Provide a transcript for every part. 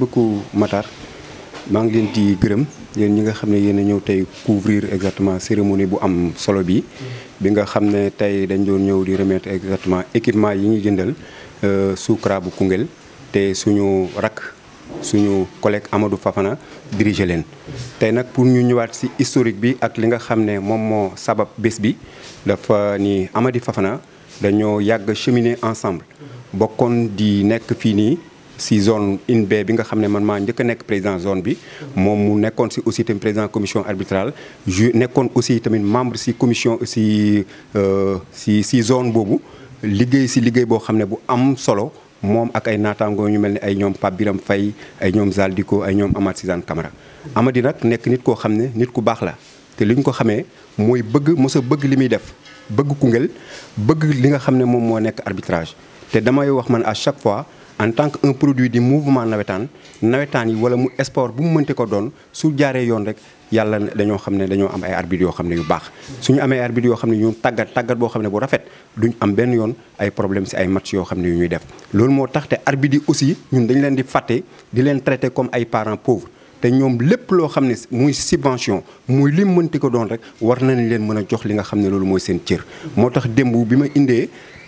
beaucoup Matar maa ngi leen di gërëm yeen ñi nga xamne yeen yéen a couvrir exactement cérémonie bu am solo bi bi nga xamne tay dañ doon ñew di remettre exactement équipement yi ñi jëndal euh, Soukra bu kungel te suñu rak suñu collègue Amadou Fafana diriger len tay nak pour ñu ñëwaat ci historique bi ak li nga xamne mom mo sabab besbi bi dafa ni Amadou Fafana dañoo yag cheminer ensemble bokon di nek fini si zone une B bi nga xamné man ma ñëk nek président zone bi mom mu nekkoon ci aussi tamit président commission arbitrale ju nekkoon aussi tamit membre si commission si euh, si si zone bobu liggéey si liggéey bo xamné bu am solo mom ak ay natango ñu melni ay ñom Pape Biram Faye ay ñom Zaldiko ay ñom Amath Suzanne Camara Amady nak nekk nit ko xamné nit ku bax la té li ko xamé moy bëgg mësa bëgg li def bëgg ku Koungheul bëgg li nga xamné mom mo moo nekk arbitrage te damay wax man à chaque fois en tant que un produit du mouvement nawetaan nawetaan yi wala mu sport bu mu mënte ko don su jaaree yoon rek yalla dañoo xamné ne am ay arbitre yo xamné yu bax suñu amé arbitre yo xamné ñu tàggat tàggat bo xamné bu rafet duñ am ben yoon ay problème ci ay match yo xamné yu ñuy def loolu mo tax té arbitre aussi ñun dañ leen di faté di leen traiter comme ay parents pauvres té ñom lepp lo xamné muy subvention muy lim meunte ko don rek war nañ leen mën jox li nga xamné ne loolu mooy seen cër motax dembu bima indé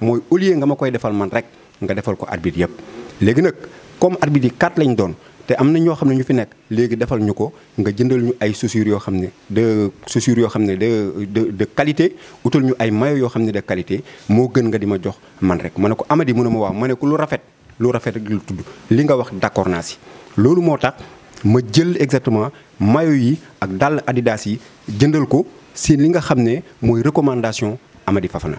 mooy au lieu nga ma koy defal man rek nga defal ko arbitre yëpp léegi nag comme arbitre yi quatre lañ doon te am na ñoo xam ne ñu fi nekk léegi defal ñu ko nga jëndal ñu ay chaussures yoo xam ne de chaussures yoo xam ne de de de qualité utal ñu ay maillots yoo xam ne de qualité moo gën nga di ma jox man rek ma ne ko Amady mu ne ma waaw ma ne ko lu rafet lu rafet rek lu tudd li nga wax d'accord naa si loolu moo tax ma jël exactement mayo yi ak dàll Adidas yi jëndal ko si li nga xam ne mooy recommandation Amady Fafana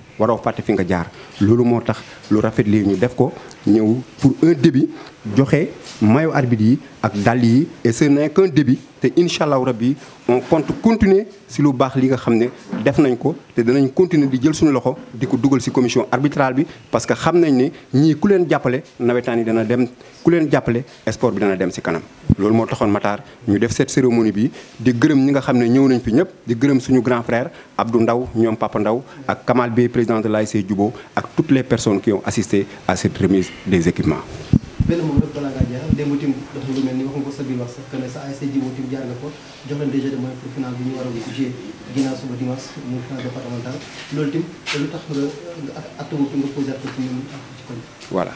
waro fàtte fi nga jaar lolu motax lu rafet li ñu def ko ñew pour un début joxe mayo arbitre yi ak dal yi et ce n'est qu'un début te Inshallah, allahu rabbi on compte continuer si lu bax li nga xam def nañ ko te dinañ continuer di jël suñu loxo di ko dugal si commission arbitrale bi parce que xam nañ ne ñii ku leen jappalé nawétani dana dem ku leen jappalé sport bi dana dem ci kanam lolu mo taxone Matar ñu def cette cérémonie bi di gërëm ñi nga xam ñëw nañ fi ñëpp di gërëm suñu grand frère Abdou Ndaw ñom Papa Ndaw ak Kamal Bey président de l'ASC Jubo ak toutes les personnes qui ont assisté à cette remise des équipements. benn mo rek balaa nga jeexal démb tamit dafa lu melni waxu ko sa biir wax sax que sa ASC Jubo tim jaar nga ko. jox leen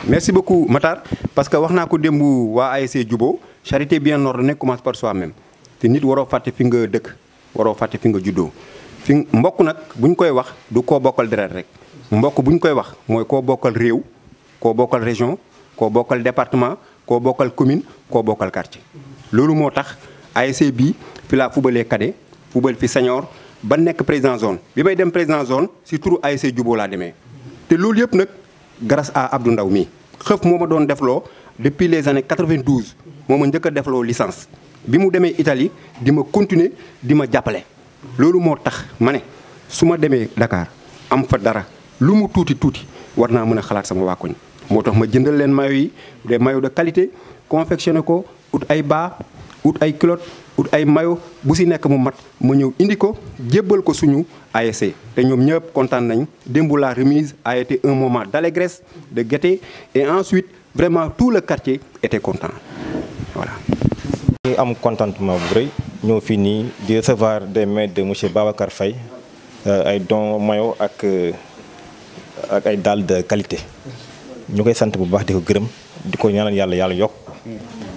merci beaucoup Matar parce que wax naa ko démb waa ASC Jubo charité bien ordonnée commence par soi-même te nit waroo fàtte fi nga dëkk waroo fàtte fi nga juddoo fi mbokk nag bu koy wax du koo bokkal deret rek mbokk bu koy wax mooy koo bokkal réew koo bokkal région koo bokkal département koo bokkal commune koo bokkal quartier loolu moo tax ASC bi fi la fubalee cadet football fi senior ba nek président zone bi may dem président zone ci turu ASC Juboo e la démé té loolu yépp nak grâce à Abdou Ndaw mii xëf moo ma depuis les années 92 moma ñëk njëkk a licence bi mu démé Italie dima continuer dima jappalé jàppale loolu mané. tax ma Dakar am fa dara lu mu touti tuuti war naa xalaat sama waa koñ ma jëndal leen mayo yi des maillots de qualité confectionné ko out ay ba out ay culottes ut ay mayo bu si nek mu mat mu ñëw indi ko jébbal ko suñu ASC té ñom ñëpp kontaan nañ dembu la remise a été un moment d'allégresse de gaieté et ensuite vraiment tout le quartier était content voilà. ñu am contentement bu rëy ñoo fi nii di recevoir des mains de monsieur Babacar Faye euh, ay don mayo ak euh, ak ay dal de qualité ñukay koy bu baax diko gërëm diko ko ñaanal yalla yàlla yokk.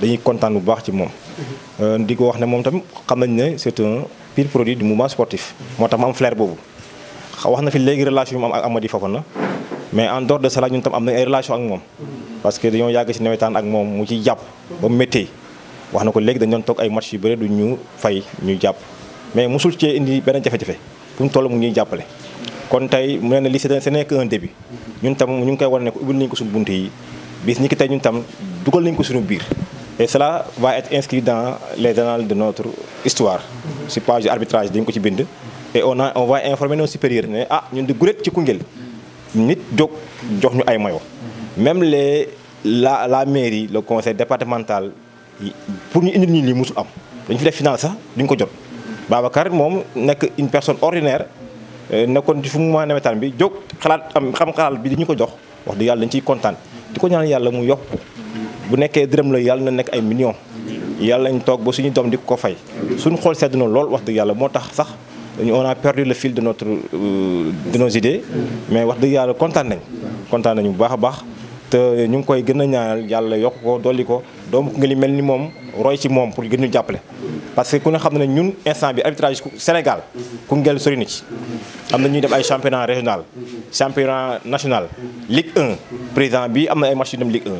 dañuy kontaan bu baax ci moom. Euh, di ko wax ne moom tamit xam nañ ne c'est un pur produit du mouvement sportif. moo tax mu am flair boobu wax na fi léegi relation yu mu am ak Amady na mais en dehors de cela ñun tam am nañ ay relation ak moom. parce que dañoo yàgg ci nawetaan ak moom mu ci jàpp ba métti wax na ko léegi dañu toog ay match yu bëri du ñu fay ñu jàpp mais mosul cee indi benn jafe-jafe mu toll mu ngi ñuy jàppale. kon tey mu ne ne lii ce n'est qu'un début ñun tam ñu ngi koy wane ne ko ubbil nañ ko suñu bunt yi bis ñi ki tey ñun tam dugal nañ ko suñu biir. Et cela va être inscrit dans les annales de notre histoire. Si pas arbitrage dañ ko ci bind. Et on a on va informer nos supérieurs Mais, ah ñun di guret ci Koungheul nit jóg jox ñu ay mayo même les la la mairie le conseil départemental pour ñu indil ñu lii musul am dañu fi def finance sax duñ ko jot. Babacar moom nekk une personne ordinaire euh, nekkoon ci fu mu ma nawetaan bi jóg xalaat am xam xalaat bi di ñu ko jox wax dëgg yàlla dañ ciy kontaan di ko ñaan yàlla mu yokk bu vous dërëm la na ay millions yalla on a ba suñu dom on fay suñu lool wax on a perdu le fil de notre euh, de nos idées mais wax sommes yalla content. nañ baax baax té ñu koy ñaanal ko ko parce que ku ne xamna ñun instant bi arbitrage Sénégal nous sori ni ci nous. def championnat régional championnat national Ligue 1 président bi ay Ligue 1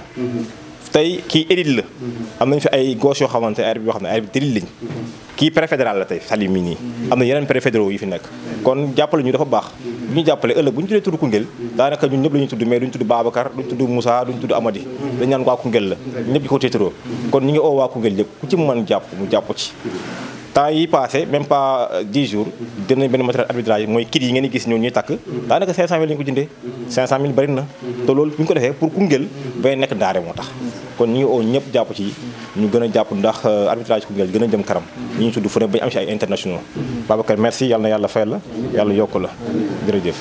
tey kii élite la am nañ fi ay gauche yoo xamante ay arbitre yoo xam ne ay arbitre élite lañ kii préfet la tey Salim mi nii am na yeneen préfet fédéraux yi fi nekk kon jàppale ñu dafa baax bu ñu jàppale ëllëg bu ñu tuddee tudd Koungheul daanaka ñun ñëpp la ñuy tudd mais duñ tudd Babacar duñ tudd Moussa duñ tudd Amady dañ naan waa Koungheul la ñëpp di ko téetaroo kon ñu ngi oo waa Koungheul yëpp ku ci mën jàpp mu jàpp ci temps yi passé même pas 10 jours jënd nañ benn matériel arbitrage yi mooy kit yi ngeen di gis ñoom ñuy takk daanaka 500000 la ñu ko jëndee 500000 bëri na te loolu bu ñu ko defee pour Koungheul bay nekk ndaare moo tax kon ñu ngi oo ñëpp jàpp ci ñu gën a jàpp ndax euh, arbitrage Koungheul gën a jëm kanam ñi ñu tudd fu ne ba ñu am si ay internationaux Babacar merci yàlla na yàlla fayal la yàlla yokk la jërëjëf